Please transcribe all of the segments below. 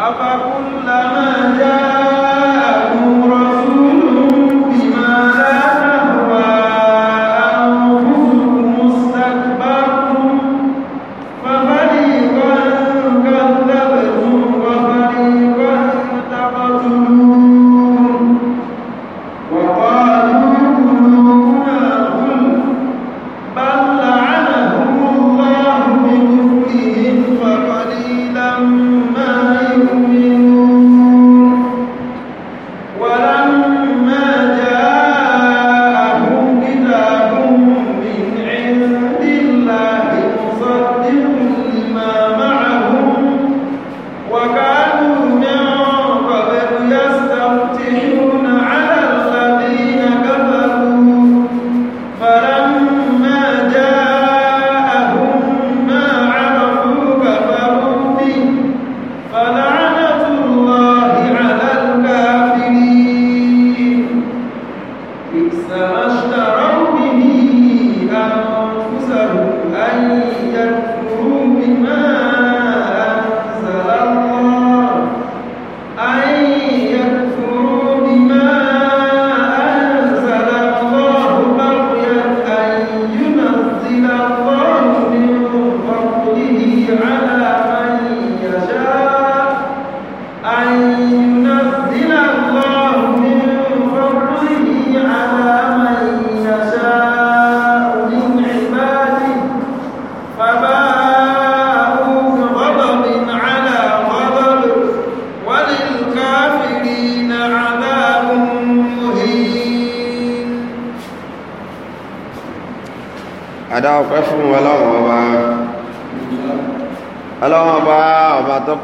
أفكلما جاء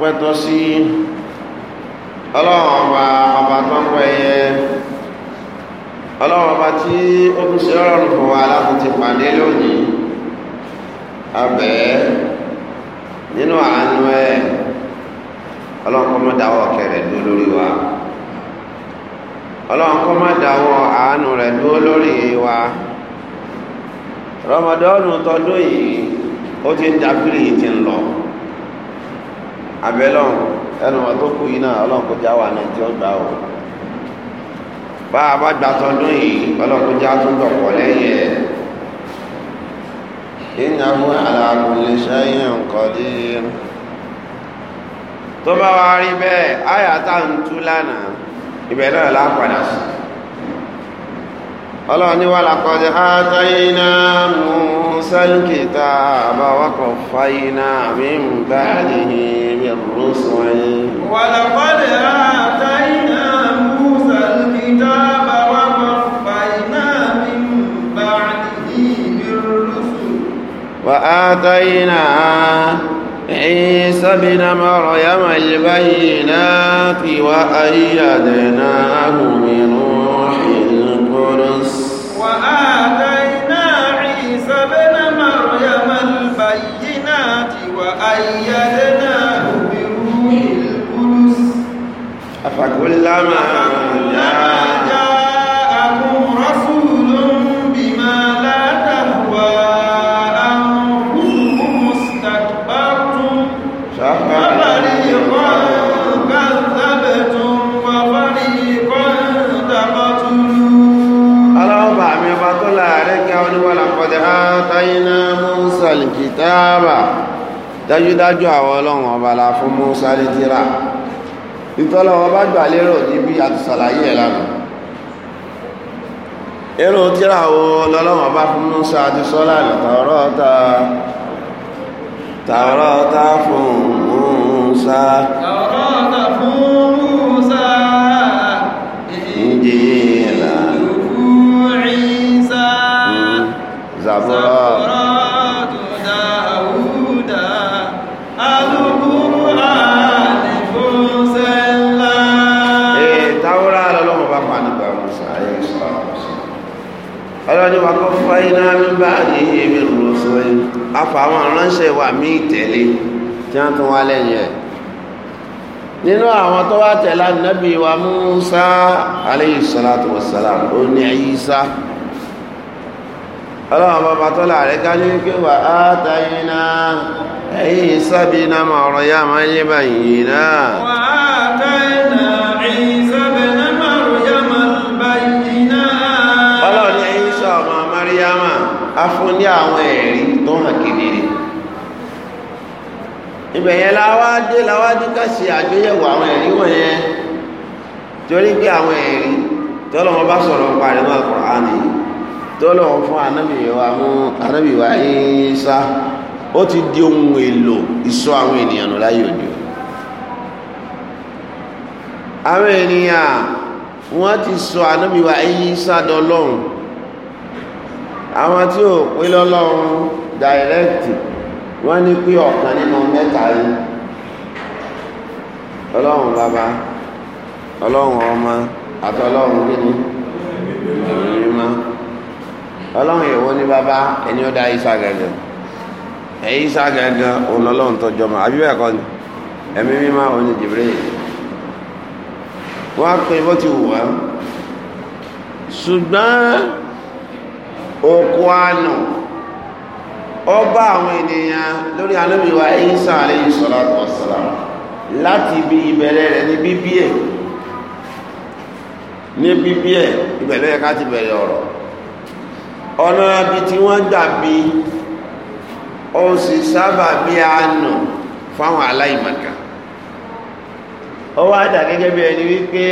ọpẹ́ tọ́ sí ọlọ́run ọba ọba tó ń pẹ́ yẹ ọlọ́run ọba tí ó tún ṣe ọlọ́run fún wa láti ti pàdé lónìí abẹ́ nínú àánú ẹ ọlọ́run kọ́ mọ́ dáwọ́ kẹrẹ̀ dúró lórí wa ọlọ́run kọ́ mọ́ dáwọ́ àánú rẹ̀ dúró lórí wa rọmọdọ́nù tọdún yìí ó ti ń dàbírí yìí ti ń lọ abẹ́lọ́n ẹnu wọn tó kù yìí náà ọlọ́run kò já wà náà tí ó gbà ó bá a bá gba tọdún yìí ọlọ́run kò já tó dọ̀pọ̀ lẹ́yìn ẹ̀ innahu ala kulli shay'in qadir tó bá wá rí bẹ́ẹ̀ àyà tá ń tú lánàá ibẹ̀ náà lápadà sí ọlọ́run ní walaqad atayna Musa al-kitaba wa qaffayna min ba'dihi الرسل ولقد آتينا موسى الكتاب وقفينا من بعده بالرسل وآتينا عيسى بن مريم البينات وأيدناه من فكلما جاءكم رسول بما لا تهوى أنفسكم استكبرتم ففريقا كذبتم وفريقا تقتلون اللهم أعمي بطل عليك ولقد آتينا موسى الكتاب dájúdájú àwọn ọlọ́run ọba la fún Mùsá lè tíra ìtọ́lọ́wọ́ bá gbà lérò níbi àtìsàlàyé ẹ̀ lánàá èrò tíra wo lọ́lọ́wọ́ bá fún Musa àti sọ́lá Tàórátà Tàórátà fún Musa Tàórátà fún Musa afọ àwọn aránṣẹ́ wa míì tẹ̀lé tí wọ́n tún wá lẹ́yìn ẹ̀ nínú àwọn tó wá tẹ̀lé ànábì wa Musa alayhi salatu wassalam ó ní Isa ọlọ́run bàbá tó láàrẹ ká ní wà á tàyí náà ẹ̀yìn ìsábí ọ̀rọ̀ yá máa yé báyìí náà wà á tàyí náà ẹ̀yìn ìsábí máa báyìí fún ní àwọn ẹ̀rí ibẹ̀ yẹn láwá dé láwá dé ká ṣe àgbéyẹ̀wò àwọn ẹ̀rí wọ̀nyẹn torí pé àwọn ẹ̀rí tọ́lọ́mọ bá sọ̀rọ̀ parí náà Kùránì tọ́lọ́mọ fún anábìyẹ̀wà mú anábìyẹ̀wà Ìsá ó ti di ohun èlò ìsọ àwọn ènìyàn nù láyé òde àwọn ènìyàn wọ́n ti sọ anábìyẹ̀wà Ìsá dọlọ́run àwọn tí ò pé lọ́lọ́run dàírẹ́kìtì wọ́n ní pé ọ̀kan nínú mẹ́ta yìí ọlọ́run bàbá ọlọ́run ọmọ àti ọlọ́run kíni ìrìnmọ́ ọlọ́run ìwọ ní bàbá ẹni ó dá isa gẹ́gẹ́ ẹ̀yí isa gẹ́gẹ́ òun ọlọ́run tó jọmọ àbíbẹ̀ ẹ̀kọ́ ni ẹ̀mí mímọ́ òun jìbìrì wọ́n á pè bó ti wù wá ṣùgbọ́n òkú àánú ọba àwọn ènìyàn lórí anúbíwá Ìsá alayhi salatu wassalam láti ibi ìbẹ̀rẹ̀ rẹ̀ ní bíbí ẹ̀ ní bíbí ẹ̀ ìbẹ̀rẹ̀ ẹ̀ká ti bẹ̀rẹ̀ ọ̀rọ̀ ọ̀nà ibi tí wọ́n dàbí ó sì sábà bí àánú fáwọn aláìmọ̀kà ó wá dà gẹ́gẹ́ bí ẹni wípé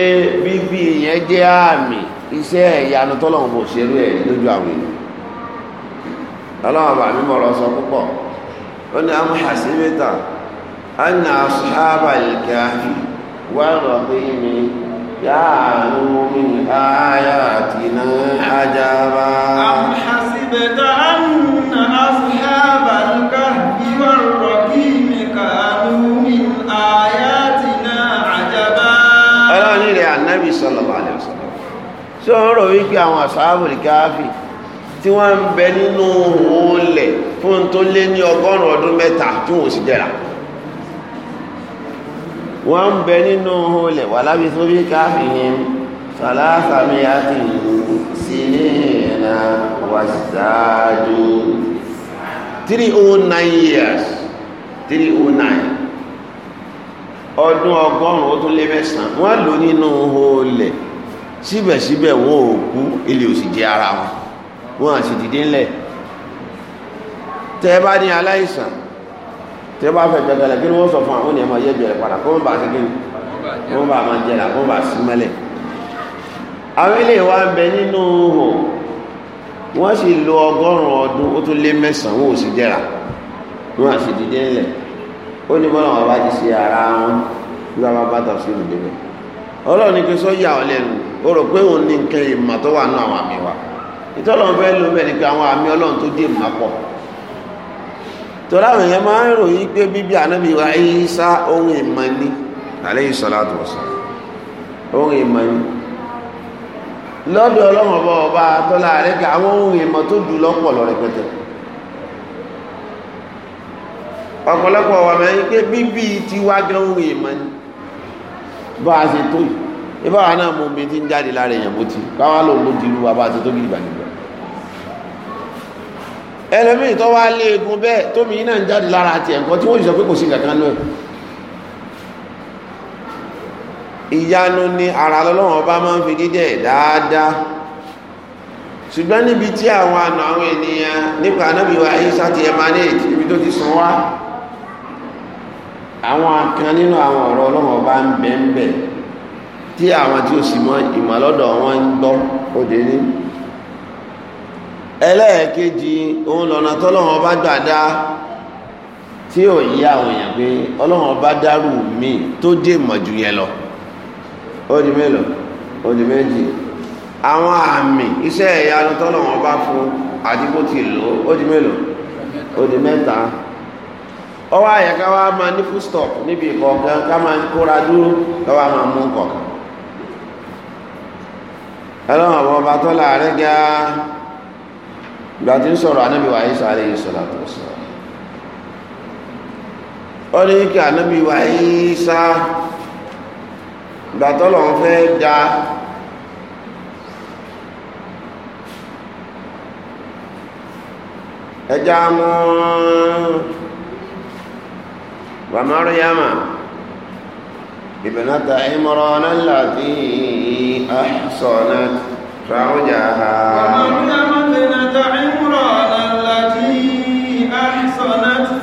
bíbí ìyẹn jẹ́ àmì iṣẹ́ ìyanu tọ́lọ́run bò ṣerú ẹ̀ lójú àwọn ènìyàn ọlọ́wọ́n bá mi mọ̀ lọ sọ púpọ̀ ó ní àwọn àṣíbítà anna asuhaba ilkafi wà lọ́pẹ́ mi yáàánú mi ààyà àti iná ajábá. àwọn àṣíbítà anna asuhaba ilkafi wà lọ́pẹ́ mi kàánú mi ààyà àti iná ajábá. ọlọ́run wípé àwọn àṣáàbù ilkafi tí wọ́n ń bẹ nínú òun fún tó lé ní ọgọ́rùn ọdún mẹ́ta tí wọ́n sì jẹ́ra wọ́n ń bẹ nínú òun wà lábí tó bí káfíhìn sàlásàmì àti sínìyànà wà ṣáájú 309 years 309 ọdún ọgọ́rùn ó tún lé mẹ́sàn wọ́n lò nínú òun lẹ̀ síbẹ̀síbẹ̀ wọn ò kú ilé òsì jẹ́ ara wọn wọn dìde bá ní aláìsàn wọ́n sọ fún àwọn ènìyàn máa yẹ padà kó bá ni wọ́n bá máa jẹrẹ kó wọ́n bá sí àwọn ilé wa bẹ nínú sì lo ọgọrùn ọdún ó lé wọn ò sì wọn dìde ó ní bọ́lá wọn bá ara wọn bá bá ọlọ́run ni sọ́yà ó rò pé òun ìtọ́lọ́run fẹ́ ló mẹ́rin pé àwọn àmì ọlọ́run tó dé mọ́ pọ̀ torí àwọn èèyàn máa ń ròyìn pé bíbí ànábì wa Ìsá ohun ìmọ̀ ni ohun ìmọ̀ ni lọ́dọ̀ ọlọ́run ọba ọba tọ́lá rẹ̀ kí àwọn ohun ìmọ̀ tó dù lọ́pọ̀ lọ rẹpẹtẹ ọ̀pọ̀lọpọ̀ wà mẹ́rin pé bíbí ti wá ohun ìmọ̀ ni bá a ṣe tó yìí ibà wà náà mo mi ti ń jáde lára èèyàn bó ti káwá lòun wa ẹlẹ́mìí tó wá lé egun bẹ́ẹ̀ tómi iná ń jáde lára àti ẹ̀kọ́ tí wọ́n sọ pé kò sí kankan náà ìyanu ni ara lọ́lọ́wọ́n ọba máa ń fi dídẹ̀ dáadáa ṣùgbọ́n níbi tí àwọn àna àwọn ènìyàn nípa anábì wa Ìsá ti emanate níbi tó ti sàn wá àwọn kan nínú àwọn ọ̀rọ̀ ọlọ́wọ́n ọba ń bẹ́ẹ̀ bẹ́ẹ̀ tí àwọn tí ó sì mọ ìmọ̀lọ́dọ̀ wọn ń gbọ́ òde ní ẹlẹ́ẹ̀kejì òun lọ́nà tọ́lọ́wọ́n bá gbà tí ó yí àwọn èèyàn pé ọlọ́wọ́n bá dárú mi tó dé mọ̀jú yẹn lọ ó di mélòó ó di méjì àwọn àmì iṣẹ́ ìyanu tọ́lọ́wọ́n bá fún àti bó ti lò ó di mélòó ó di mẹ́ta ọwọ́ àyẹ̀ká wa máa ní full stop níbi ìkọ̀ọ̀kan ká máa ń kóra dúró lọ́wọ́ máa mú kọ̀ọ̀kan ẹlọ́wọ́n bá tọ́lá rẹ̀ gáà. ìgbà tí ń sọ̀rọ̀ anábì wa Ìsá alayhi salatu wassalam ó ní kí anábì wa Ìsá ìgbà tọ́lọ̀ ń fẹ́ da ẹja mọ́ wa Maryama ibnata Imran allati ahsanat farjaha wa Maryama alati ahsanat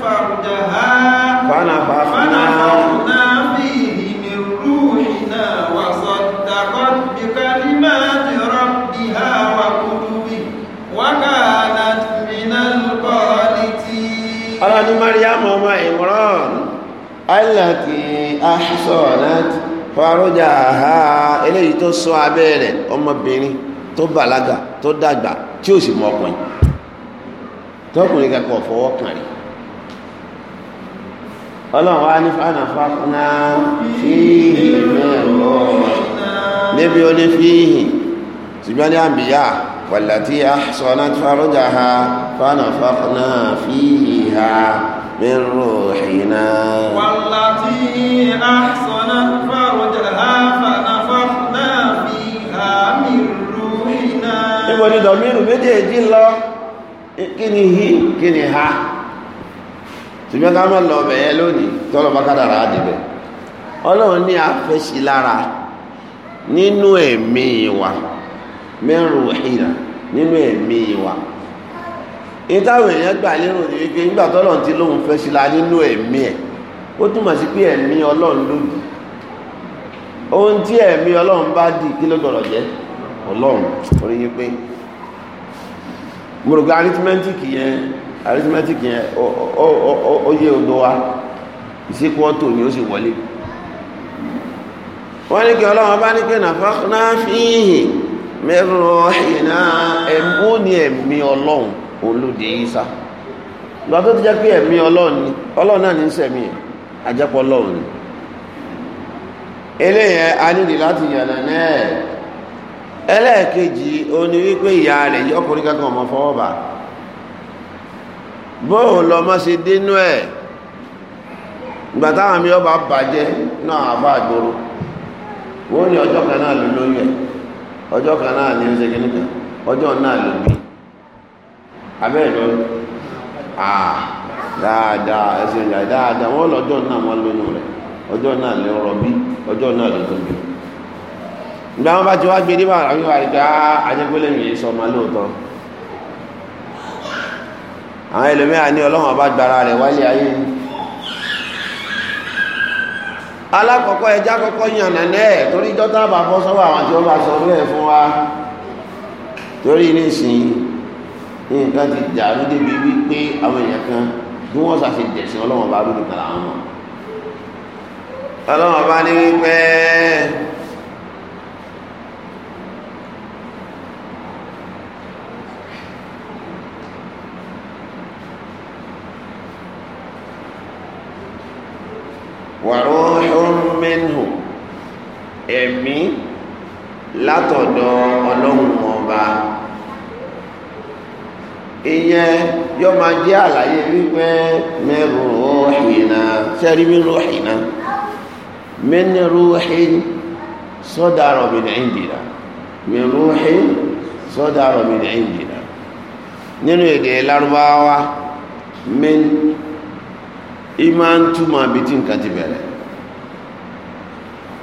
farujaha eléyìí tó sọ abẹ́ rẹ̀ ọmọbìnrin tó bàlágà tó dàgbà tí ò sì mọ ọkùnrin tọkùnrin kankan fọwọ́ kàn rí ọlọ́run wa ní fana fana fíhì mẹ́rọ níbi ó ní fíhì ṣùgbọ́n ní àbíyá wàlàtí àṣọ́nà fárújà ha fana fana fíhì ha mẹ́rọ ìhìnà wàlàtí àṣọ́nà fárújà ha fana fana fíhì ha mẹ́rọ níbo ni dọ̀míìrù méjèèjì lọ kí ni hí kí ni ha ká mọ̀ lọ bẹ̀ẹ́ lónìí kádàrà ní lára nínú emi nínú emi èèyàn gbà lérò ní wípé nígbà fẹ́ sí la nínú ẹ̀mí ẹ̀ ó sí pé ẹ̀mí ọlọ́run ohun tí ẹ̀mí Ọlọrụ, orí pé mo rò pé arithmetic yẹn arithmetic yẹn ó yé odò wa ìsìnkú ni ó sì wọlé wọ́n ní kí ọlọ́run bá ní pé nàfàkúná fíhì mẹ́rọ ìná ẹ̀mú ni ẹ̀mí ọlọ́run olóde ìsá ìgbà tó ti jẹ́ pé ẹ̀mí ọlọ́run náà ní sẹ̀mí ẹ̀ ẹlẹ́ẹ̀kejì oní wípé ìyá rẹ̀ yí ọkùnrin kankan ọmọ fọwọ́ bá bóò lọmọ sí dínú mi ọba bàjẹ́ náà àbá àgbòrò wọ́n ní ọjọ́ kan náà ló ẹ̀ ọjọ́ kan náà ní ṣe kíní kan ọjọ́ náà abẹ́ ìlú àà dáadáa ìgbà wọn bá ti wá gbé dé báwọn àbí wà ìgbà ajẹgbẹlẹyìn yìí sọ ọmọ lóòótọ́ àwọn ẹlòmíràn ní ọlọ́wọ́n bá gbára rẹ̀ wálé ayé ni alákọ̀ọ́kọ́ ẹja kọ́kọ́ yàn nànẹ́ ẹ̀ torí jọ́tà bá bọ́ sọ́wọ́ àwọn tí wọ́n bá sọ bẹ́ẹ̀ fún wa torí nísìnyí nǹkan ti dàrú débi wípé àwọn èèyàn kan bí wọ́n ṣàṣe dẹ̀sìn ọlọ́wọ́n bá lónìí làwọn mọ̀ ọlọ́wọ́n bá ní wípé. mẹ́nu ẹ̀mí látọ̀dọ̀ ọlọ́run ọba ìyẹn yóò máa jẹ́ àlàyé wípé mẹ́rù rúhìnà sẹ́rí mi rúhìnà mẹ́ni rúhìn sọ́dà rọ̀bìn ìndìnà mẹ́rù rúhìn sọ́dà rọ̀bìn ìndìnà nínú èdè lárúbáwá mẹ́ni ìmá ń nǹkan ti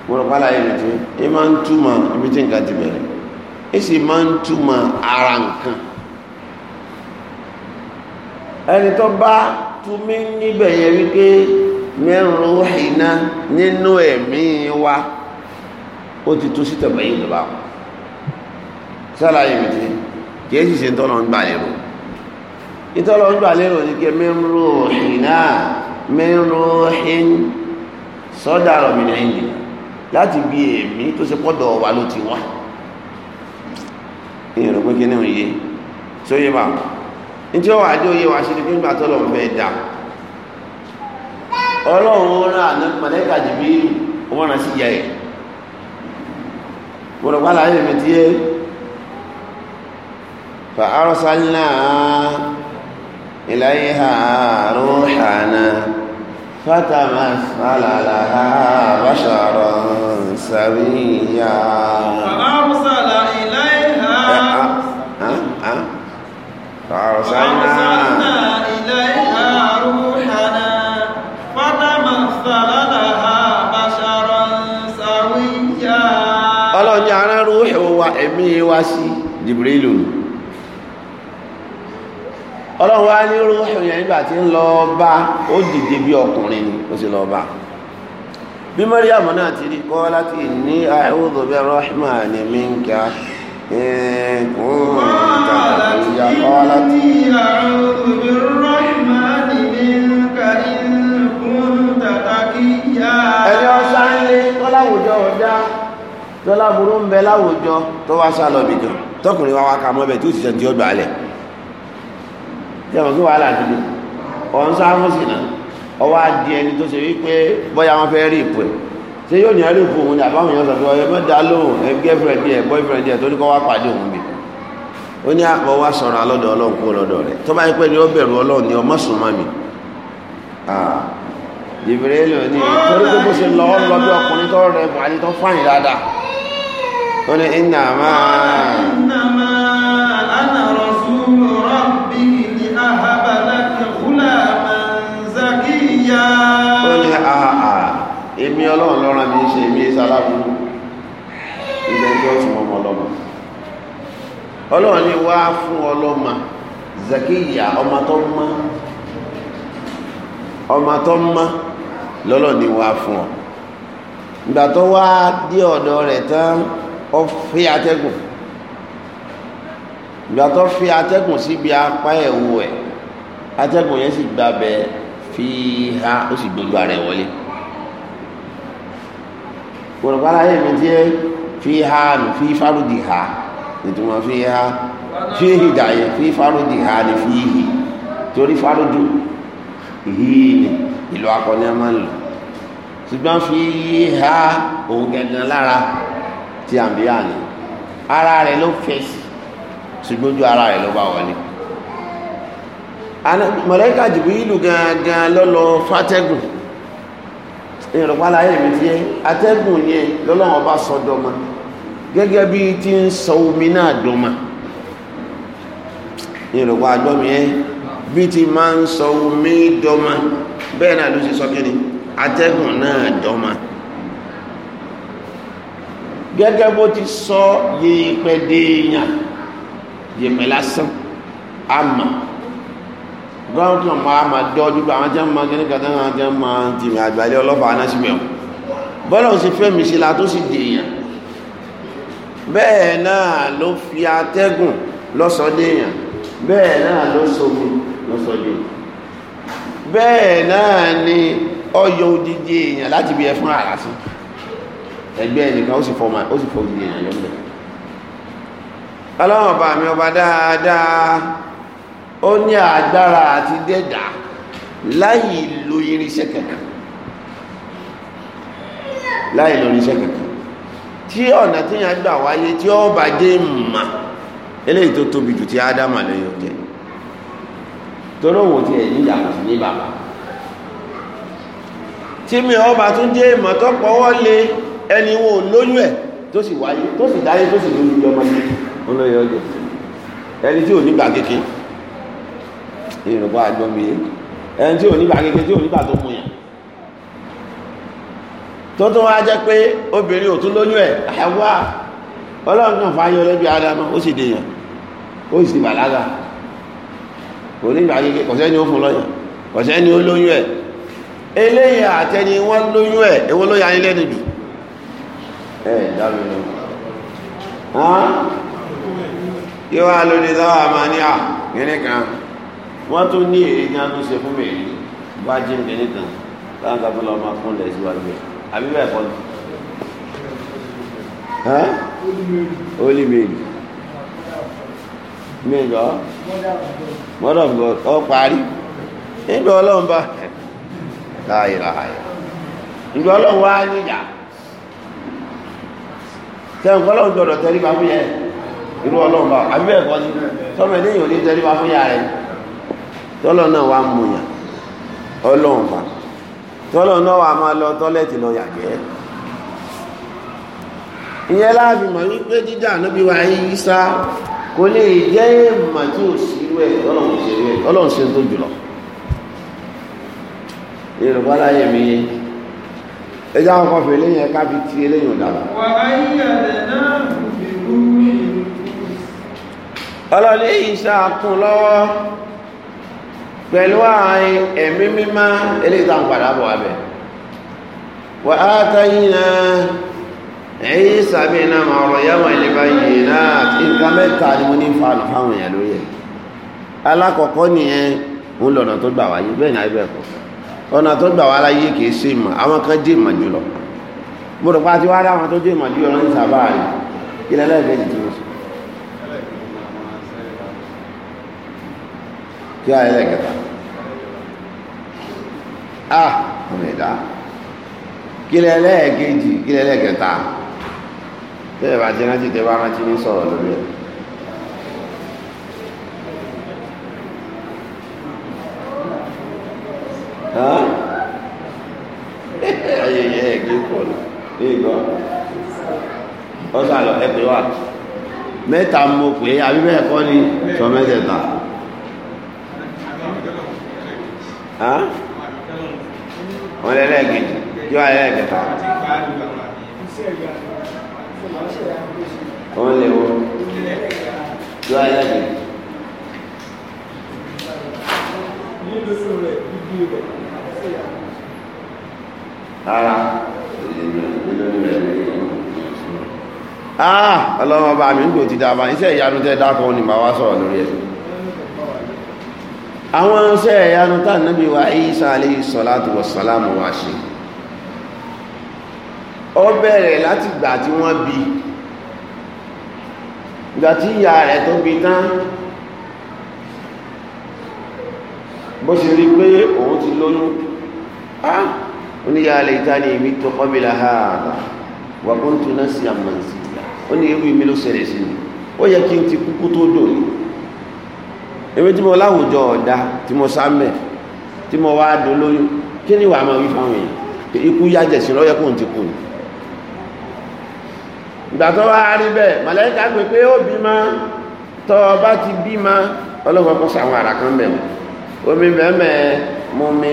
mọ̀rọ̀pálá yìí ti ẹ ma ń túmọ̀ ibi tí nǹkan ti bẹ̀rẹ̀ ẹ sì máa ń túmọ̀ ara nǹkan ẹni tó bá túmí níbẹ̀ yẹn wípé mẹ́rùn ìná nínú ẹ̀mí wa ó ti tó sítọ̀ bẹ́yìn ìjọba wọn sálàyé mi ti kìí sì ṣe tọ́lọ́ ń gbà lérò ìtọ́lọ́ ń gbà lérò ní kí mẹ́rùn ìná mẹ́rùn ìná sọ́dà rọ̀mìnà láti bí emi tó ṣe pọ́dọ̀ wa ló ti wá èèyàn rẹ̀ pé kí ní òye tó yé bá ní tí ó wà jẹ́ òye wa ṣe ni pé nígbà fẹ́ dà ọlọ́run rán àná jìbí wọ́n rán sí yẹ gbọ́dọ̀ فتمثل لها بشرا سويا فأرسل إليها فأرسلنا إليها روحنا فتمثل لها بشرا سويا ọlọ́run ní arán rúhù wa ẹ̀mí wa ọlọ́run wá ní rúhùn yẹn nígbà tí ń lọ bá ó dìde bí ọkùnrin ni ó sì lọ bá bí Maryam náà ti rí kọ́ láti ní a'udhu bi rahmani minka كنت تقيا قالت أعوذ بالرحمن منك ọjà tọ́láburú ń bẹ láwùjọ tó wá sá lọ tọkùnrin wa wá ka mọ́ bẹ́ẹ̀ tí ó ti sẹ́ni tí ó gbà á lẹ̀ jẹ́wọ̀n kí wàhálà ti dé ọ̀n sáfún sí náà ọwọ́ adìẹ ẹni tó ṣe wípé bóyá wọn fẹ́ rí ipò ẹ̀ ṣé yóò ní ẹrí ipò òun ni àbáwọn èèyàn sọ pé ọyọ mẹ́ta lóhùn ẹ girlfriend ẹ boyfriend ẹ tó ní kọ́ wá pàdé òun bì ó ní àpò wá sọ̀rọ̀ alọ́dọ̀ ọlọ́run kó lọ́dọ̀ rẹ̀ tó bá yẹ pé ni ó bẹ̀rù ọlọ́run ni ọmọ sùn mọ́ mi Jibril ní torí pé bó ṣe lọ ọ lọ bí ọkùnrin tó rẹ bùhálí tó fáyìn dáadáa ó ní ìnàmá ọlọ́run ní wá fún ọlọ́mà zakiya ọmọ tó mọ́ ọmọ tó mọ́ lọ́lọ́run ní wá fún ọ ìgbà tó wá dé ọ̀dọ̀ rẹ̀ tán ó fi atẹ́gùn ìgbà tó fi atẹ́gùn síbi apá ẹ̀wù ẹ̀ atẹ́gùn yẹn sì gbabẹ̀ fi ha ó sì gbogbo ara ẹ̀ wọlé gbọ̀dọ̀gbọ́n ayé mi ti fi ha nù fi fárúdi ha ìtumọ̀ fi ha fi hìdáyẹ fi fárúdì ha ni fi hì torí fárúdù yìí ni ìlú akọni ẹ máa ń lò ṣùgbọ́n fi yí ha òun gẹ̀gẹ̀ lára ti àbíyá ni ara rẹ̀ ló fèsì ṣùgbọ́n ojú ara rẹ̀ ló bá wọlé mọ̀lẹ́kà jìbìlù gangan lọ́lọ́ fàtẹ́gùn ìrọ̀pálá ayé mi ti yẹ atẹ́gùn yẹn lọ́lọ́wọ́n bá sọdọ́ mọ́ gẹ́gẹ́ bí tí ń sọ omi náà dọ́mà ní ìrọ̀pá àgbọ́mí ẹ́ bí ti máa ń sọ omi dọ́mà bẹ́ẹ̀ náà ló ṣe sọ kí ni atẹ́gùn náà dọ́mà gẹ́gẹ́ bó ti sọ yẹ̀pẹ̀ déèyàn yẹ̀pẹ̀ lásán àmà gọ́ọ̀tún ọmọ àmà dọ́jú pé àwọn jẹ́ mọ́ kí ní kàtàkùn àwọn jẹ́ mọ́ tìmì àgbàlẹ́ ọlọ́pàá náà sí mẹ́wọ̀n bọ́lọ̀ bẹ́ẹ̀ náà ló fi atẹ́gùn lọ́sọdéèyàn bẹ́ẹ̀ náà ló somi lọ́sọdéèyàn bẹ́ẹ̀ náà ni ọyọ odidi èèyàn láti bí ẹfún ara sí ẹgbẹ́ ẹnìkan ó sì fọ ó sì fọ odidi èèyàn lọ́mọdé ọlọ́run ọba mi ọba dáadáa ó ní agbára àti dẹ́dà láì lo irinṣẹ́ kankan láì lo irinṣẹ́ kankan tí ọ̀nà tí yàn gbà wáyé tí ó bá dé mà tóbi jù tí dámà lè yọ jẹ tí ẹ̀yìn yàtọ̀ sí ní bàbá tí mi ọba tún dé mà tó pọ̀wọ́ lé ẹni ẹ̀ tó sì wáyé tó sì dáyé tó sì ọmọ ọjọ́ ẹni tí ò ẹni tí ò tó tún wá jẹ́ pé obìnrin ò lóyún ẹ̀ àwọ́ ọlọ́run fàáyọ lẹ́bí adama ó sì dèèyàn ó sì kò ní ìgbàgbé kọ̀sẹ́ ni ó fún lọ́yàn kọ̀sẹ́ ni ó lóyún ẹ̀ eléyìí àtẹni wọ́n lóyún ẹ̀ ló lẹ́nu jù fún àbí bẹ́ẹ̀ kọ́ holy mary mẹ́jọ mother of god ọ parí nígbà ọlọ́run bá láàyè láàyè nígbà ọlọ́run wá níjà tẹ́wọ̀n kọ́ lọ́run gbọ́dọ̀ tẹ́rí bá fún yẹn irú ọlọ́run bá àbí bẹ́ẹ̀ kọ́ ni tọ́mọ ẹ̀dẹ́yìn ò ní tẹ́rí bá fún yàrá ẹ̀ tọ́lọ́ náà wá mú yàn ọlọ́run bá. tọlọ náà wà máa lọ tọ́lẹ̀tì lọ yàgẹ́ ìyẹn láàfin mọ̀ wípé jíjà níbi wa yìí sá kò ní jẹ́ èèmà tí ò sí rẹ̀ ọlọ́run ṣe tó jùlọ yorùbá láyé mi ẹjọ́ àwọn kọfì eléyìn ẹ̀ka fi ti ọlọ́run kún pẹ̀lú àárín ẹ̀mí mímá eléta ń padà bọ̀ abẹ̀ wà á tayína ẹ̀yí iná ma ọ̀rọ̀ yáwọn ilé bá yìí náà nǹkan mẹ́ta ni mo ní fa fáwọn èèyàn lórí ẹ̀ alákọ̀ọ́kọ́ nìyẹn ń lọ̀nà tó gbà wáyé bẹ́ẹ̀ ni kọ́ ọ̀nà tó gbà wáyé yìí kìí ìmọ̀ àwọn kan dé ìmọ̀ jùlọ mo rò pa ti wá kí wọ́n ayẹlẹ́ kẹta a ọmọ ẹ̀dá kílẹ̀ ẹlẹ́ẹ̀kejì kílẹ̀ ẹlẹ́ẹ̀kẹta tẹ́lẹ̀ bá ti rántí tẹ́ bá rántí ní sọ̀rọ̀ lórí ẹ̀ ayẹyẹ ẹgbẹ kọlu ẹgbẹ ọsàn lọ ẹgbẹ wa mẹ́ta mo pè é àbí bẹ́ẹ̀ kọ́ ni sọ mẹ́tẹ̀ẹ̀ta. wọn lẹ́lẹ́kejì yóò wá lẹ́lẹ́kẹta wọn lè wọ yóò wá lẹ́lẹ́kejì. rárá ah ọlọ́mọba mi ń gbòtí dáa bá iṣẹ́ àwọn iṣẹ́ ìyanu tá nábì wa Isa alayhi salatu wassalamu wá ṣe ó bẹ̀rẹ̀ láti gbà tí wọ́n bí ìgbà tí ìyá rẹ̀ tó bí tán bó ṣe rí pé òun ti lóyún ah oníyà alẹ́ ìtàní ìmí tó qabila hada wa kuntu nasiyan mansiya ó ní irú ìmí ló ṣẹlẹ̀ sí ni ó yẹ kí n ti kúkú tó dò ewé tí mo láwùjọ ọ̀dá tí mo sámẹ̀ tí mo wá dolóyún kí ni wàá máa wí fáwọn èèyàn ikú yájẹ̀sí lọ́yẹ kóun ti kú ìgbà tó wá rí bẹ́ẹ̀ màlẹ́kà pé pé ó bímọ ma o bá ti bímọ ọlọ́wọ́ kó sàwọn àrà kan bẹ̀ mọ́ omi mú mi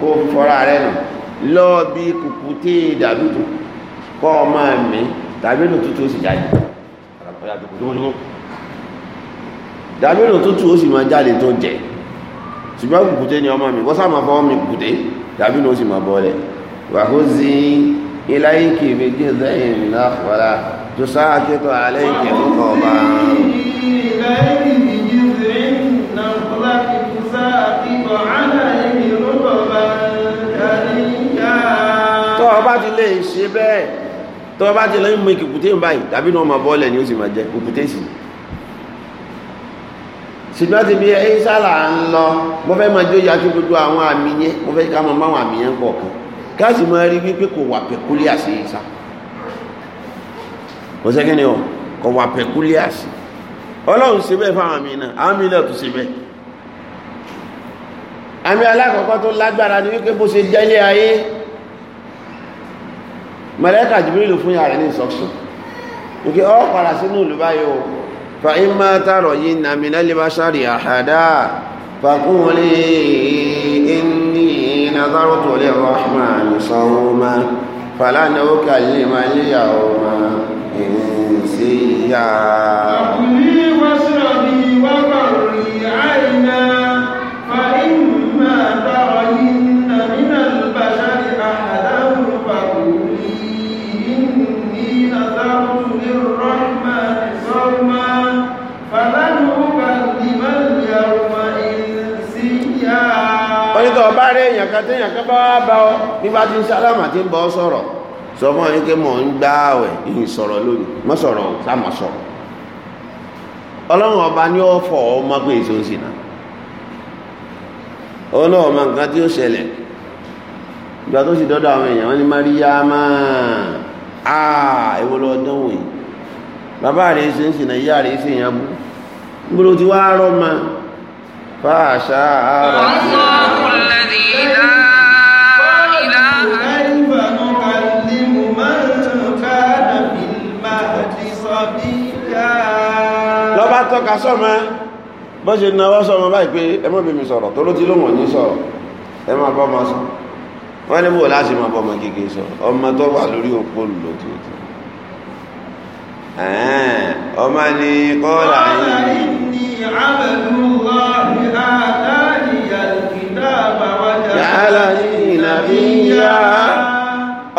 kó fọ́ra rẹ̀ nù lọ bí tó kọ́ tàbí sì dàbílò tútù ó sì máa jáde tó jẹ ṣùgbọ́n kùkùté ni ọmọ mi bọ́sà máa fọwọ́ mi kùkùté dàbílò ó sì máa bọ́ọ̀lẹ̀ wàhózi iláyíkì méjì lẹ́yìn láfọ́lá tó sáà kíkọ́ alẹ́ ìkẹ́ kọ́kọ́ ọba tó ọba ti lè ṣe bẹ́ẹ̀ tó ọba ti lè mú ìkùkùté báyìí dàbílò ọmọ bọ́ọ̀lẹ̀ ni ó sì máa jẹ kùkùté sí i ṣùgbọ́n ti bí ẹ̀yìn sálà ń lọ mo fẹ́ máa jó yájú gbogbo àwọn àmì yẹn mo fẹ́ ká mọ máwọn àmì yẹn pọ̀ kan káàsì máa rí wípé kò wà pẹ̀kúlíà sí ìsà kò sẹ́kẹ́ ni ọ kò wà pẹ̀kúlíà sí ọlọ́run ṣe bẹ́ẹ̀ fáwọn àmì náà àmì náà tó ṣe bẹ́ẹ̀ àmì alákọ̀ọ́kọ́ tó lágbára ni wípé bó ṣe jẹ́lé ayé màláíkà Jibril fún yàrá ní instruction nké ọ́ padà sínú ìlú báyìí فإما ترين من البشر أحدا فقولي إني نذرت للرحمن صوما فلن أكلم اليوم إنسيا láàrin èèyàn kan tí èèyàn kan bá wá sọ fún mò ń gbá lónìí mọ́ sọ̀rọ̀ sọ̀rọ̀ ọba ní ọ mọ́ pé èso ń nǹkan tí ó ṣẹlẹ̀ ìgbà dọ́dọ̀ àwọn èèyàn wọn ni máa lọ bàbá rẹ̀ ṣe ń ìyá rẹ̀ ṣe tọ́ka sọ́mọ́ bọ́ ṣe náwọ́ sọ́mọ́ báyìí pé ẹ bí mi sọ̀rọ̀ tó ló ti lóhùn ní sọ̀rọ̀ ẹ máa bọ́ máa sọ wọ́n ní bò láti máa bọ́ ọmọ kékeré sọ ọmọ tó wà lórí òpó lò tó tó ọmọ ni kọ́lá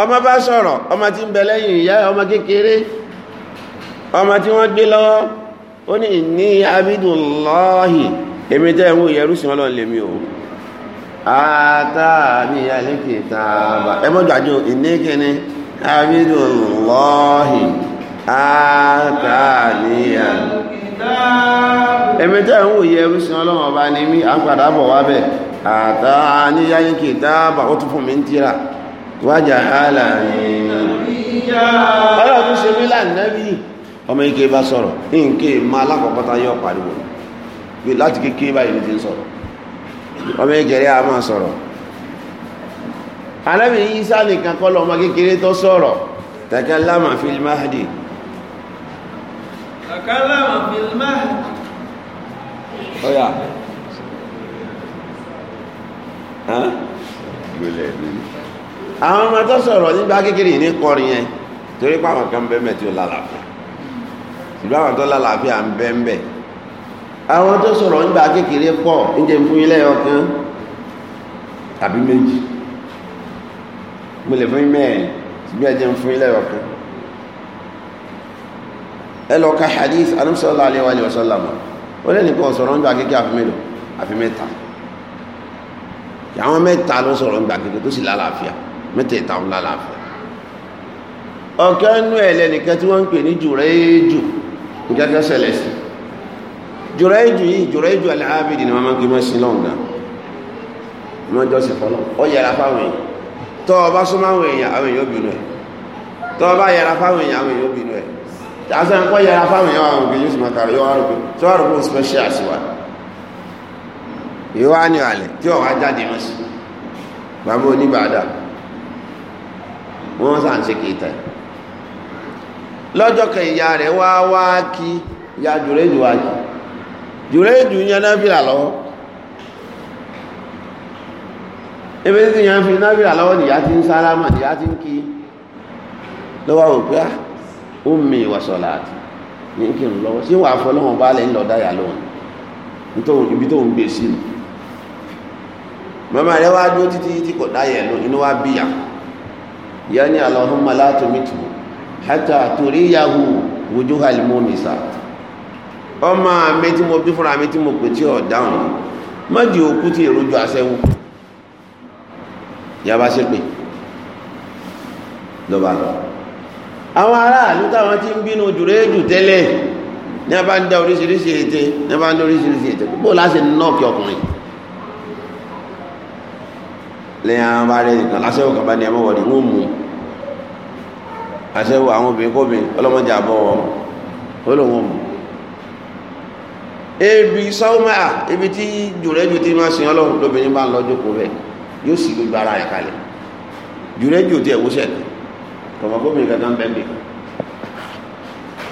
ọmọ bá sọ̀rọ̀ ọmọ tí ń bẹ lẹ́yìn ìyá ọmọ kékeré ọmọ tí wọ́n gbé lọ́wọ́ ó ní ìní abídùnláhì èmi ihe ń wò ihe ọlọ́run lèmi o àtàbí àlékè tààbà ẹ mọ́jọ àjò ìníkíní abídùnláhì àtàbí èmi tẹ́ ń wò ọlọ́run ọba ni mí à bọ̀ wá bẹ̀ àtàbí àlékè tààbà ó tún fún mi ń tíra wájà hálà ni ọlọ́run ṣe mí lánàá ọmọ ike bá sọ̀rọ̀ nke ma alákọ̀ọ́kọ́ta yọ pariwo láti kékeré báyìí ní ti ń sọ̀rọ̀ ọmọ ìkẹrẹ́ a máa sọ̀rọ̀ alábìnrin yísá nìkan kọ́ lọ́mọ kékeré tó sọ̀rọ̀ takallama fil mahdi takallama fil mahdi ọ̀yà àwọn ọmọ tó sọ̀rọ̀ nígbà kékeré ní kọrin yẹn torí pàwọn kan bẹ́ẹ̀ mẹ́tí ó lálàáfíà ìlú àwọn tó lálàáfíà ń bẹ́ ń bẹ̀ àwọn tó sọ̀rọ̀ nígbà kékeré pọ̀ ń jẹ́ fún ilé ọkàn tàbí méjì mo lè fún mẹ́rin bí ẹ jẹ́ fún ilé ọkàn ẹ lọ ka hadith anamsọ́lá aléwàlẹ̀ ọ̀sọ́lámà ó lè nìkan sọ̀rọ̀ nígbà kékeré àfi mélòó àfi mẹ́ta àwọn mẹ́ta ló sọ̀rọ̀ nígbà kékeré tó sì lálàáfíà mẹ́tẹ̀ẹ̀ta ń lálàáfíà ọ̀kẹ́ nú ẹ̀ lẹ́nìkan tí wọ́n ń pè ní jù rẹ́ jù nǹkan kan ṣẹlẹ̀ sí Jùrẹ́jù yìí Jùrẹ́jù aláàbìdì ni wọ́n máa ń kí mọ́ sí lọ́ǹda wọ́n jọ sí fọlọ́ ọ yẹra fáwọn èèyàn tọ́ ọ bá súnmọ́ àwọn èèyàn àwọn èèyàn obìnrin ẹ̀ tọ́ ọ bá yẹra fáwọn èèyàn àwọn èèyàn obìnrin ẹ̀ àti ẹ̀kọ́ yẹra fáwọn èèyàn àwọn obìnrin yóò sì máa kàrọ̀ yóò wá rò tí wọ́n rò pé ó ma fẹ́ ṣe àṣìwà ìwọ á wọn lọ́jọ́ ka ìyá rẹ̀ wá wá kí ya jùrẹ́jù wá kí jùrẹ́jù yan náfìlà ebe tí ya fi náfìlà lọ́wọ́ nìyá ti ń nìyá ti ń kí ah, lọ́wọ́ àwọn òpé ó mi ìwàsọ̀lá àti ní kí n lọ́wọ́ sí wàá fọlọ́wọ́n bá lẹ́yìn lóhùn ibi tó ń gbé sí rẹ̀ wá dúró títí kò lóhùn inú hata turiyahu wujuhal mumisa ọmọ mi tí mo bí fúnra mi tí mo pè tí ọ̀ dáhùn mọ́jì òkú tí ìrójú aṣẹ́wó yaba ṣe pé lọ́ba lọ àwọn aráàlú táwọn ti ń bínú jùrẹ́jù tẹ́lẹ̀ ní a bá ń dá oríṣiríṣi ète ní a bá ń dá oríṣiríṣi ète bó láṣẹ nọ́ọ̀kì ọkùnrin lẹ́yìn àwọn bá rẹ̀ nìkan láṣẹ́wó kan bá ní ẹmọ́ wọ̀dí wọ́n mú un àṣẹwò àwọn obìnrin kóbi ọlọ́mọdé àbọ̀ wọn ó lòun mú ebi sọ́ọ́mà ibi tí jùrẹ́jù ti máa sin ọlọ́run lóbìnrin bá ń lọ́jọ́ kó bẹ́ẹ̀ yóò sì gbogbo ara rẹ̀ kalẹ̀ jùrẹ́jù ti ẹ̀wọ́ sẹ̀ kọ̀mọ̀ gómìnà kankan bẹ́ẹ̀ bẹ́ẹ̀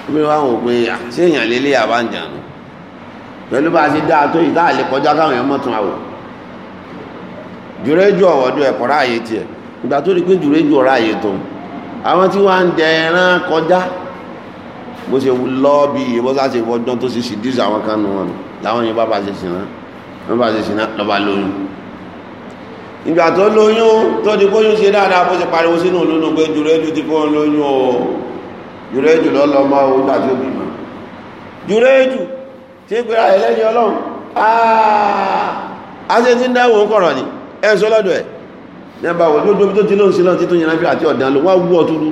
gómìnà wa wò pé ṣé èèyàn lélẹ̀ àbáǹjà nù pẹ̀lú bá a ti dáa tó yìí táà lè kọjá káwọn èèyàn mọ̀tún àwò jùrẹ́jù ọ̀wọ́dún ẹ̀kọ́ ráàyè tiẹ̀ ìgbà tó rí pé jùrẹ́jù ọ̀ráàyè tó ń àwọn tí wọ́n ń jẹ ẹran kọjá bó ṣe lọ bí ìbọn sáṣe fọjọ́ tó ṣe ṣìdíṣ àwọn kan nù wọn làwọn yẹn bá bá ṣe ṣìnà wọn bá ṣe ṣìnà lọ́ba lóyún ìgbà tó lóyún tó di kóyún ṣe dáadáa bó ṣe pariwo sínú olóyún pé jùrẹ́jù ti fún lóyún o jùrẹ́jù lọ́lọ́mọ òun àti òbí mọ́ jùrẹ́jù tí ń pera ẹlẹ́ni ọlọ́run aaa a ṣe ti ń dáwọ̀ ń kọ̀rọ̀ ni ẹ̀ ń sọ lọ́dọ̀ ẹ̀ nígbà wọ́n tó gbogbo tó ti lóun sí lọ́n títún yẹn àti ọ̀dàn ló wá wú ọtúrú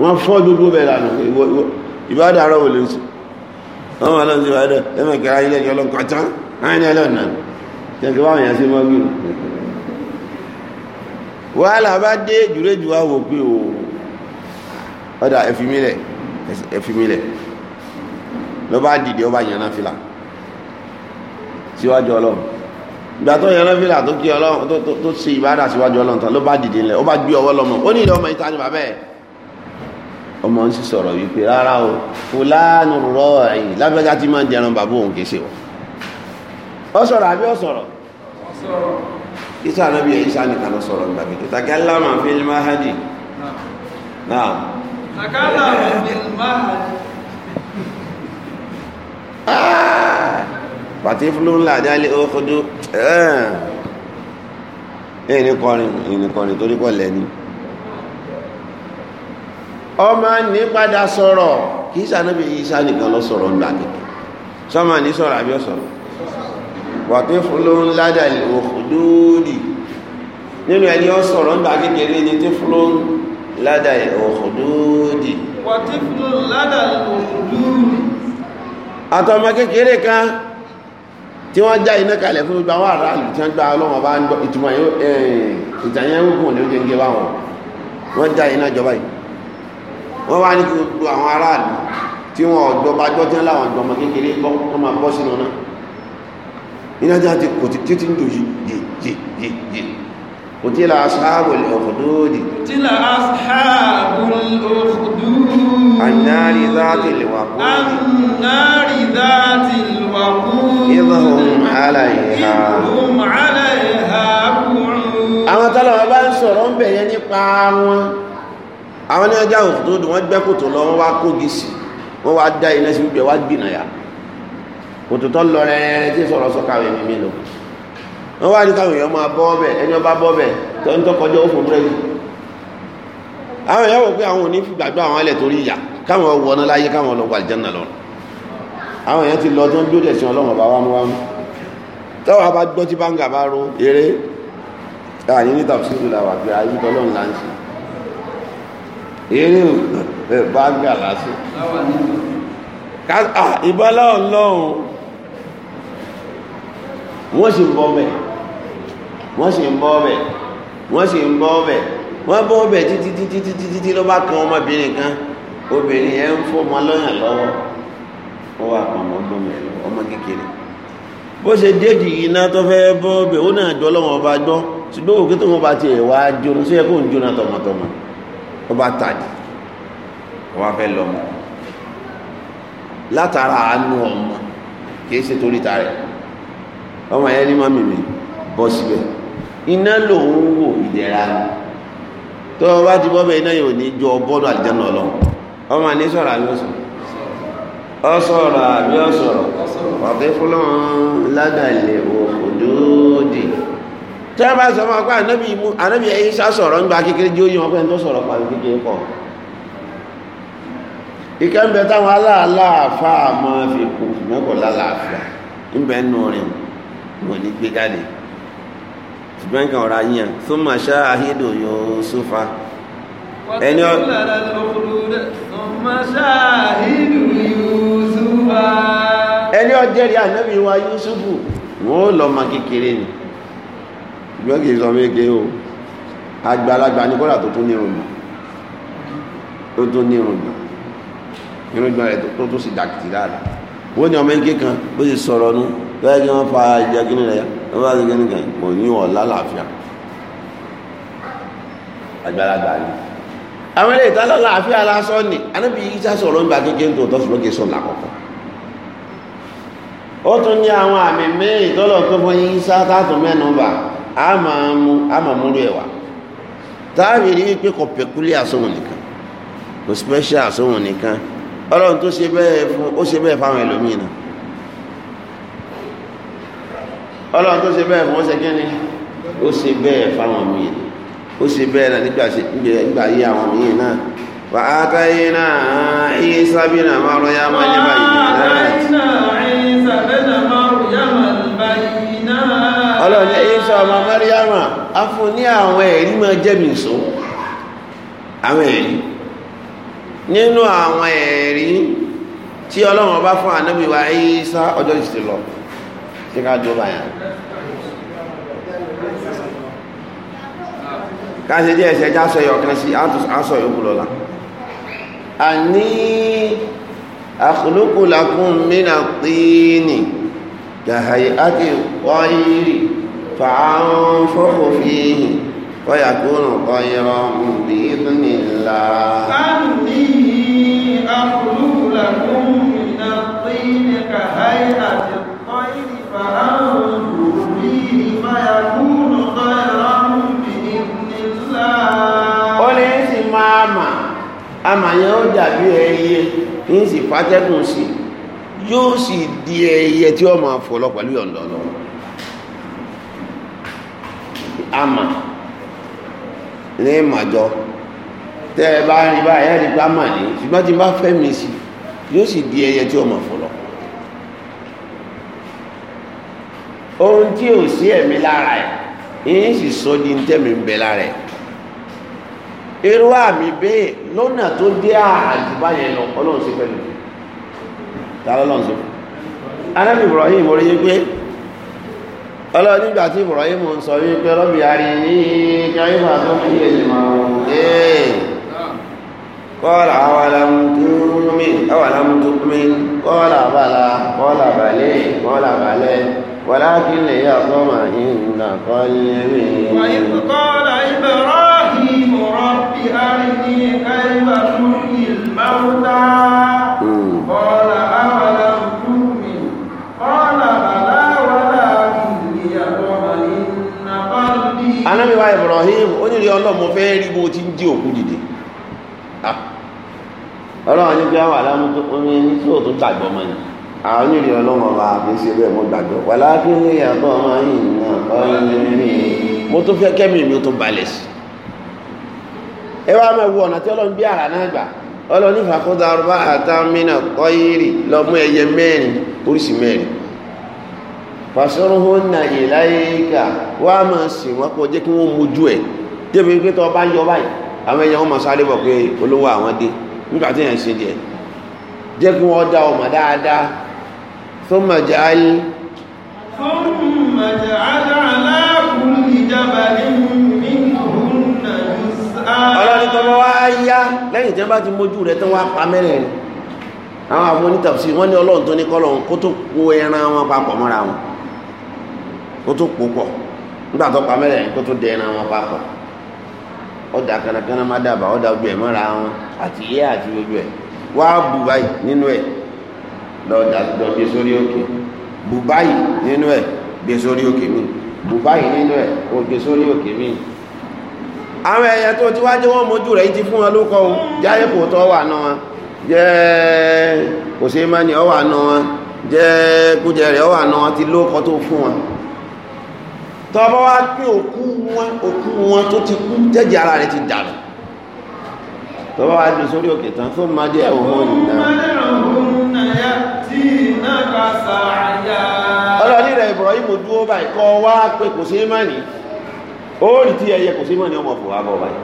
wọ́n fọ́ gbogbo bẹ̀rẹ̀ lànà ìbáàdà ara wò lè sí wọ́n wà lọ́n sí ìbáàdà ẹ̀mọ̀ kẹra ilé ẹ̀jọ́ lọ́n kọjá àyìn ẹlọ́nà kẹkẹ wà yẹn sí mọ́gbì wàhálà bá dé jùlẹ́jù wá wò pé o ọ̀dà ẹ̀fìmílẹ̀ ẹ̀fìmílẹ̀ lọ́ba dìde ọba yẹn náà fìlà síwájú ọlọ́run ìgbà tó yẹn lọ́fíìlà tó kí ọlọ́run tó ṣe ìbádà síwájú ọlọ́run tán ló bá dìde ńlẹ̀ ó bá gbé ọwọ́ lọ́mọ ó ní ilé ọmọ ìta ni bàbá ẹ̀ ọmọ ń sì sọ̀rọ̀ wípé rárá o fúlàánù rọ ẹ̀yìn lábẹ́jà tí máa ń jẹran bàbá òun kìí ṣe wọ́n ọ sọ̀rọ̀ àbí ọ sọ̀rọ̀ isa anabi ya isa nìkan ló sọ̀rọ̀ nígbà kí takallama fil mahadi náà takallama fil mahadi. Ah! pàtí fúlùmùlà àjálẹ̀ òkúdú ẹ̀ẹ́n ìnìkọrin ìnìkọrin torí pọ̀ lẹ́ni ọmọ ní padà sọ̀rọ̀ kì í sànúbì Ìsá nìkan lọ sọ̀rọ̀ ńlá nìkan sọ́mà ní sọ̀rọ̀ àbí ọ̀sọ̀rọ̀ pàtí fúlùmùlà àjálẹ̀ òkúdú dì nínú ẹni ọ sọ̀rọ̀ ńgbà kékeré ni tí fúlùn ládà òkúdúdì wọ́n tí fúlùn ládà òkúdúdì àtọmọ kékeré kan tí wọ́n já iná kalẹ̀ fún gbogbo àwọn aráàlú tí wọ́n gba ọlọ́wọ́n bá ń gbọ́ ìtumọ̀ ìtàyẹ̀ ogun ní oúnjẹ ń gé báwọn wọ́n já iná jọba yìí wọ́n wá ní gbogbo àwọn aráàlú tí wọ́n ọ̀jọba jọ́ tí wọ́n láwọn ọ̀jọ̀mọ kékeré bọ́ wọ́n máa bọ́ sínú náà iná tí wọ́n ti kò tí tí ń dò yìí yìí yìí yìí قتل أصحاب الأخدود قتل أصحاب الأخدود النار ذات الوقود النار ذات الوقود إذ هم عليها إذ هم عليها قعود àwọn tọ́lọ̀ ọba ń sọ̀rọ̀ ń bẹ̀rẹ̀ nípa wọn àwọn ní ọjà òkútódù wọ́n gbẹ́ kòtò lọ wọ́n wá kógi sí wọ́n wá dá iná sí gbígbẹ́ wá kòtò tọ́ lọ rẹ̀ tí sọ̀rọ̀ sọ́kàwé mímí lọ wọ́n wá ní káwọn èèyàn máa bọ́ ọbẹ̀ ẹni ọba bọ́ ọbẹ̀ tó ń tọ́kọjọ́ ó fún búrẹ́dì àwọn èèyàn wò pé àwọn òní gbàgbọ́ àwọn ẹlẹ̀ torí ìyà káwọn wọná láyé káwọn ọlọ́gbà àlìjánà lọ àwọn èèyàn ti lọ tó ń dúró ẹ̀sìn ọlọ́run ọba wámú wámú tọ́wọ́ bá gbọ́ tí báńgà bá ro eré àyè ní tàbísílù làwà pé ayé tọ́lọ́run là ń ṣe eré báńgà lásìkò ìbọ́lá ọlọ́run wọ́n sì bọ́ bẹ́ẹ̀ wọ́n sì ń bọ́ ọbẹ̀ wọ́n sì ń bọ́ ọbẹ̀ wọ́n bọ́ ọbẹ̀ títí títí títí títí ló bá kan ọmọbìnrin kan obìnrin yẹn ń fọmọ lọ́yàn lọ́wọ́ ó wà pàmò ọmọ ẹ̀ lọ́wọ́ ọmọ kékeré bó ṣe déèdì iná tó fẹ́ bọ́ ọbẹ̀ ó náà dọ́ lọ́wọ́ ọba gbọ́ ṣùgbọ́n òkè tó wọn bá tiẹ̀ wá jóná sí ẹ kó ń jóná tọmọtọmọ ọba tàdí ọba fẹ́ lọ́mọ látara àánú ọmọ kì í ṣe torí ta ọmọ yẹn ní mọ́mì mi bọ́ síbẹ̀ iná lòun wò ìdẹ̀ra tó o bá ti bọ́ bẹ́ẹ̀ iná yóò ní jọ bọ́ọ̀lù àlìjáná ọlọ́run ọmọ àní sọ̀rọ̀ àbí ọ̀sọ̀ ọ̀sọ̀rọ̀ àbí ọ̀sọ̀rọ̀ ọ̀fẹ́ fúlọ́n ládàlẹ̀ òdòdì tí wọ́n bá sọ fún ọkọ ànábì ẹ̀yìn sásọ̀rọ̀ ń gba kékeré jẹ́ oyún ọkọ tó sọ̀rọ̀ pàdé kékeré pọ̀ ìkẹ́ ń bẹ táwọn aláàláàfà máa fi kò mẹ́kọ̀ọ́ lálàáfíà ń bẹ nù rìn wọ́n ní gbé jáde ṣùgbọ́n nǹkan ọ̀rọ̀ àyíyàn fún màṣá àhídò Yusufa ẹni ọ. ẹni ọjẹ́rìí ànábì wa Yusufu wọn ò lọ́ọ́ ma kékeré ni ṣùgbọ́n kì í sọ méje o àgbàlagbà ní kọ́là tó tún ní irun gbọ̀n tó tún ní irun gbọ̀n rẹ̀ tó tún sì dàkìtì dáadáa wọ́n ní ọmọ ẹgbẹ́ kan bó ṣe sọ̀rọ̀ nu bẹ́ẹ̀ kí wọ́n fa ìjà kíní rẹ̀ wọ́n bá ṣe kíní kan kò ní ọ̀la làáfíà àgbàlagbà ni. àwọn ilé ìtàlọ́ làáfíà lásán ni anábì ìjà sọ̀rọ̀ ń ba kékeré tó tọ́ ṣùgbọ́n kì í sọ̀ làkọ̀kọ̀. ó tún ní àwọn àmì mẹ́rin ìtọ́lọ̀ tó fún yín sátátù mẹ́nu bà á máa mú á máa múlò ẹ̀wà táàbì rí wípé kò kò special àsóhun ọlọ́run tó ṣe bẹ́ẹ̀ fún ó ṣe bẹ́ẹ̀ fáwọn ẹlòmíì náà ọlọ́run tó ṣe bẹ́ẹ̀ fún ó ṣe ó ṣe bẹ́ẹ̀ fáwọn míì ó ṣe bẹ́ẹ̀ náà nígbà yí àwọn míì náà wà á táyé náà yá máa báyìí náà ọlọ́run ní ọmọ nínú àwọn ẹ̀rí tí ọlọ́run bá fún ànábì wa Ìsá ọjọ́ ìsìn lọ tí ká dúró báyà ká ṣe díẹ̀ ṣẹ́jà sọ̀yọ̀ kan sí àṣọ yòókù lọ́la àní akhluqu lakum mina tini kahay'ati tayri fa'anfukhu fihi wa yakunu tayran bi idhnillah نخلق لكم من الطين كهيئة الطير فأنفوا فيه فيكون طيرا بإذن الله ó ní sì máa mà àmàyàn ó dàbí ẹyẹ ní sì fàtẹ́kùn sí yóò sì di ẹyẹ tí ó máa fò lọ pẹ̀lú ọ̀dọ̀ọ̀dọ̀ àmà ní ìmàjọ́ tẹ́ ẹ bá rí báyìí ẹ̀rí pa mà ní ṣùgbọ́n tí n bá fẹ́ mi sí yóò sì di ẹyẹ tí ọmọ fọlọ. ohun tí ò sí ẹ̀mí lára ẹ̀ èyí sì sọ di ń tẹ̀mí ń bẹ lára ẹ̀ irú àmì bẹ́ẹ̀ lọ́nà tó dé àjùbá yẹn lọ ọlọ́run sí pẹ̀lú ta lọ́lọ́run sí pẹ̀lú anábì Ibrahim orí yé pé ọlọ́run nígbà tí Ibrahim ń sọ wípé ọlọ́bì arí ní kẹrìmà tó fi èlè máa قال أولم تؤمن أولم تؤمن قال بلى قال بلي قال بلي ولكن ليطمئن قلبي وإذ قال إبراهيم رب أرني كيف تحيي الموتى قال أولم تؤمن قال بلى ولكن ليطمئن قلبي أنا بقى إبراهيم قل لي الله مفاري بوتين دي وقل دي ọlọ́run ní pé àwọn àlámú tó kún ní ní tó tún gbàgbọ́ mọ́ ni àwọn onírè ọlọ́run ọba kì í ṣe bẹ́ẹ̀ mo gbàgbọ́ wà láti ní ìyàtọ̀ ọmọ yìí náà kọ́ ní mo tún fẹ́ kẹ́mi mi tún balẹ̀ sí. ẹ wá máa wo ọ̀nà tí ọlọ́run bí àrà náà gbà ọlọ́run ìfàkúndà ọba àtàmínà kọ́ yìí lọ́mú ẹyẹ mẹ́rin oríṣi mẹ́rin fàṣọ́rọ̀hónà ìláyíká wà máa sì wọ́n nígbà tí yẹn ṣe díẹ̀ jẹ́ kí wọ́n dá ọmọ dáadáa fún màjá ayé. fún màjá aláàkùn ìjàmbá nínú ọlọ́ni tó bá wá yá lẹ́yìn tí wọ́n bá ti mójú rẹ̀ tó wá pa mẹ́rin rẹ̀ àwọn àwọn onítàbí wọ́n ní ọlọ́run tó ní kọ́lọ́run ọ̀dà kanakana má dàbà ọ̀dà gbogbo ẹ mọ́ra wọn àti yé àti gbogbo ẹ wá bù báyìí nínú lọ́dà lọ gbé sórí òkè bù báyìí nínú sórí mi báyìí nínú ẹ kò gbé sórí òkè mi. àwọn tó ti wájú wọn mójú rẹ̀ ti fún wọn ló kọ́ o jáyé kò tọ́ wà náà jẹ́ ọ wà ọ ti tó fún wọn. tọba wá pín òkú wọn òkú wọn tó ti kú jẹ́jẹ́ ara rẹ̀ ti dànù tọba wá gbé sórí òkè tán fún máa dé ẹ̀wọ̀n wọn ìlànà ọlọ́ní rẹ̀ Ibrahim dúró báyìí kọ́ wá pé kò sí má ní ó rí tí ẹyẹ kò sí má ní ọmọ fò bọ̀ báyìí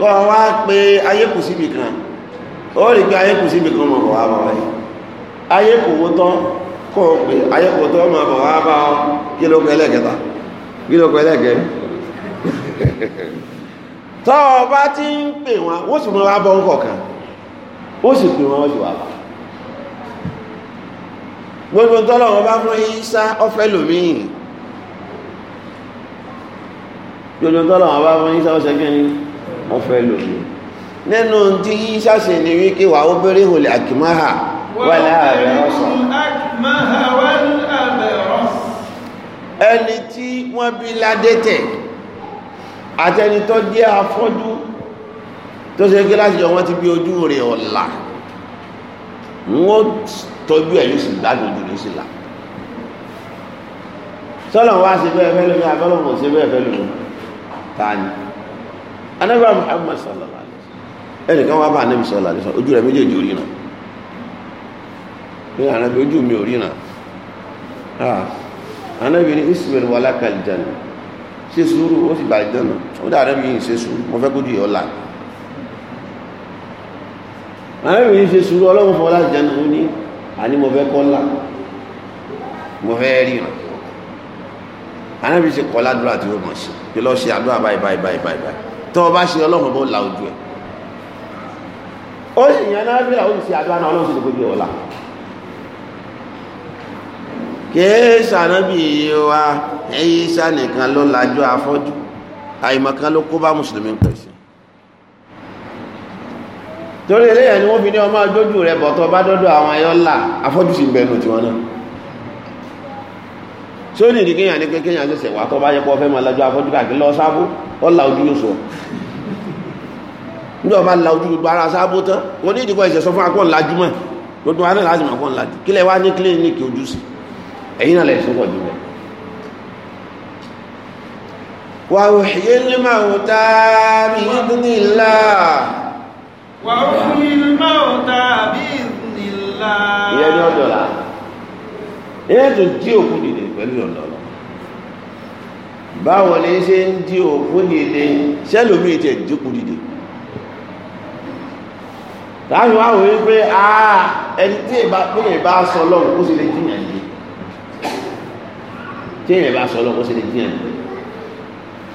kọ́ wá pé ayé kò sí mi kan pé ayé kò sí mi kan ọmọ bọ̀ báyìí ayé kò wó tán kó o pè ayẹ́kò tó ọmọ bọ̀ wá bá ọ kí ló kọ ẹlẹ́kẹta kí ló kọ ẹlẹ́kẹ tọ́ ọ bá ti ń pè wọn wọ́n sì mọ́ wá bọ́ ń kọ̀ọ̀kan ó sì pè wọn ó sì wà bá gbogbo tọ́lọ̀ wọn bá fún Ìsá ọ̀fẹ́ lòmíì gbogbo tọ́lọ̀ wọn bá fún Ìsá ọ̀sẹ̀ kẹ́ni ọ̀fẹ́ lòmíì nínú tí Ìsá sì ní wíkẹ́ wà ó bẹ̀rẹ̀ ìhòlẹ̀ àkìmáhà والأبرص والأكمه والأبرص ẹni tí wọ́n bí ládẹ́tẹ̀ àtẹni tó jẹ́ afọ́jú tó ṣe kí láti jọ wọ́n ti bí ojú rẹ̀ ọ̀la wọ́n tọ́jú ẹ̀ yóò sì gbádùn ojú rẹ̀ sí la sọ́lọ̀ wá sí bẹ́ẹ̀ fẹ́ lómi àbọ́lọ̀ kò sí bẹ́ẹ̀ fẹ́ lómi tani anábà Muhammad sallallahu alaihi wasallam ẹnìkan wá bá anábì sallallahu alaihi wasallam ojú rẹ̀ méjèèjì orí náà pé ànábi ojú mi ò ríran ànábi ní ismail wà lákàlìjànà ṣe sùúrù ó sì bàlẹ̀ jànà ó dà ànábi yìí ṣe sùúrù mo fẹ́ kójú ìyọ́lá ànábi yìí ṣe sùúrù ọlọ́run fọwọ́ láti jànà ó ní àní mo fẹ́ kọ́lá mo fẹ́ ríran ànábi ṣe kọ́ ládùúrà tí ó mọ̀ ṣe kí lọ́ọ́ ṣe àdúrà báyìí báyìí báyìí báyìí tọ́ ọ bá ṣe ọlọ́run bó la ojú ẹ̀ ó sì yàn náà bí àwọn òṣìṣẹ́ àdúrà náà ọlọ́run sì ti kójú ìyọ́lá kìí sànábì iye wa ẹyí sànìkan ló lajú afọ́jú àìmọ̀kan ló kó bá mùsùlùmí pẹ̀sì torí eléyà ni wọ́n fi ní ọmọ ajójú rẹ̀ bọ̀tọ̀ bá dọ́dọ̀ àwọn ayọ́lá afọ́jú sí bẹnu tiwọn náà tí ó nìdí kéèyàn ní pé kéèyàn ṣẹ̀ṣẹ̀ wà tó bá yẹ pé ọfẹ́ máa lajú afọ́jú káàkiri lọ sábó ó la ojú yóò sọ ní ọba la ojú gbogbo ara sábó tán wọ́n ní ìdíkọ̀ ìṣẹ̀sọ fún akọ́ ńlájú mọ́ gbogbo ara láti mọ̀ akọ́ ńlájú kílẹ̀ wá ní kílẹ̀ ní kí ojú sí i ẹ̀yin náà lẹ́yìn sọ́pọ̀ jù lọ wà òṣìyé ní máa wò tá bí ìdíní ńlá wà òṣìyé ní máa wò tá bí ìdíní ńlá ìyẹn ní ọjọ́ la ìyẹn tó dí òkú dìde pẹ̀lú ọ̀dọ́ lọ báwọn ní ṣe ń dí òkú dìde sẹ́lòmí tẹ̀ dínkù dìde láàrín wáwọ̀ wípé àà ẹni tí ìbá sọ lọ́wọ́ kó sì lè jìyàn yìí téèyàn bá sọ lọ́kọ́ sílẹ̀ díẹ̀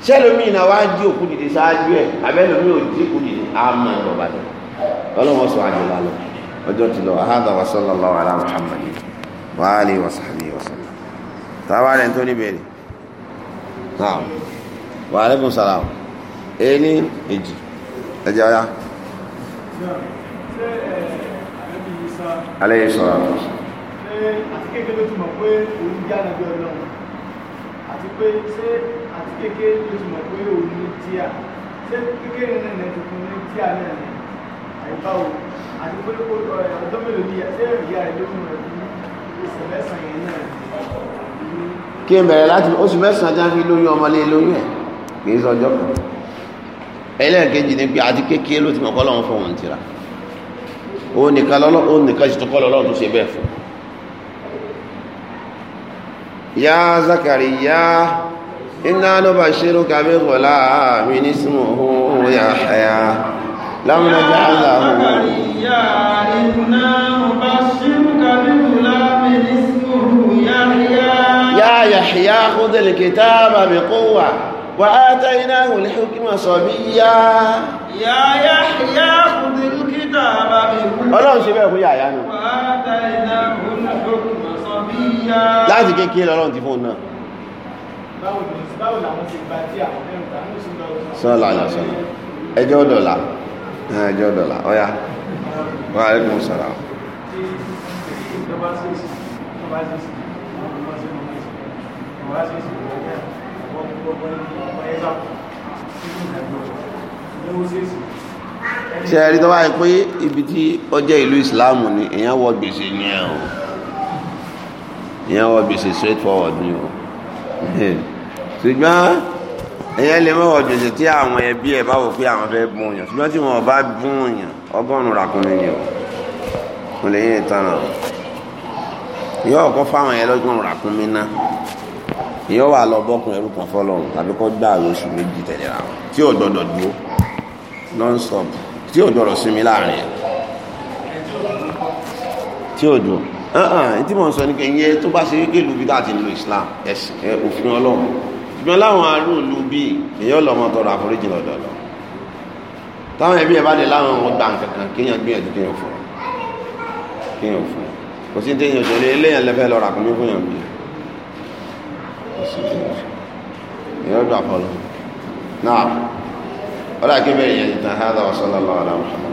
sẹ́lómi náà wá jí òkú dìde ṣáájú ẹ̀ abẹ́lómi ò jí òkú dìde á mọ ẹ̀rọ bàjẹ́ ọlọ́wọ́ sọ àjọ lálọ́ ọjọ́ ti lọ ahada wa sallallahu ala muhammad wa ali wa sahbihi wa sallam táwa rẹ̀ tó ní bèrè náà wa alaikum àti kékeré tó pé òun jẹ́ ànábì Ọlọ́run pé ṣé àti kékeré ló ti mọ̀ pé òun ní tíà ṣé kékeré náà ní tuntun ní tíà náà ní àyíká o àti pé ọjọ́ mélòó ni ṣé ìyá rẹ̀ ló mú rẹ̀ ní oṣù mẹ́sàn-án yẹn náà kí n bẹ̀rẹ̀ láti oṣù mẹ́sàn-án jáfi lóyún ọmọlé lóyún ẹ̀ kì í sọjọ́ kan ẹlẹ́ẹ̀kejì ni pé àti kékeré ló ti mọ̀ kọ́ lọ́wọ́ fún òun tira òun nìkan lọ́lọ́ òun nìkan ṣètò kọ́ lọ́lọ́ tó ṣe bẹ́ẹ̀ fún un يا زكريا إنا نبشرك بغلام اسمه يحيى لم نجعل له يا يحيى خذ الكتاب بقوة وآتيناه الحكم صبيا يا يحيى خذ الكتاب بقوة وآتيناه الحكم láti kékeré lọ́lọ́run ti fún un náà sọ́lá àlà sọ́lá ẹjọ́ dọ̀là ẹjọ́ dọ̀là ọ̀yá wà lẹ́kùn sọ̀rọ̀ ṣe ẹ̀rí tó wáyé pé ibi tí ó jẹ́ ìlú ìsìláàmù ni èèyàn wọ gbèsè ní ẹ̀ o ìyẹn wọ gbèsè straight forward ni o ṣùgbọ́n ẹ̀yẹ́ lè mọ̀ wọ gbèsè tí àwọn ẹbí ẹ̀ bá wò pé àwọn fẹ́ bùn yàn ṣùgbọ́n tí wọn bá bùn yàn ọgọ́rùn-ún ràkúnmí ni o kò lè yín ìtàn náà yóò kọ́ fáwọn ẹ̀ lọ́gbọ̀n ràkúnmí náà yóò wà lọ bọ́kùn ẹrú kan fọlọ́run tàbí kọ́ gbà oṣù méjì tẹ̀lé ra wọn tí ò gbọdọ̀ dúró non-stop tí ò gbọdọ̀ sinmi láàrin ẹ̀ tí ò dùn. tí mo sọ ní kẹyìn tó bá ṣe wípé ìlú bí láti lu Islam ẹ̀sìn òfin Ọlọ́run ṣùgbọ́n láwọn arúgbó bíi èyàn lọ́mọ tọrọ àforíjì táwọn ẹbí ẹ bá dé ọmọ gbà kéèyàn gbìyànjú kéèyàn fún kéèyàn fún kò sí téèyàn eléyàn lẹfẹ lọrọ fún yàn bí kò sí téèyàn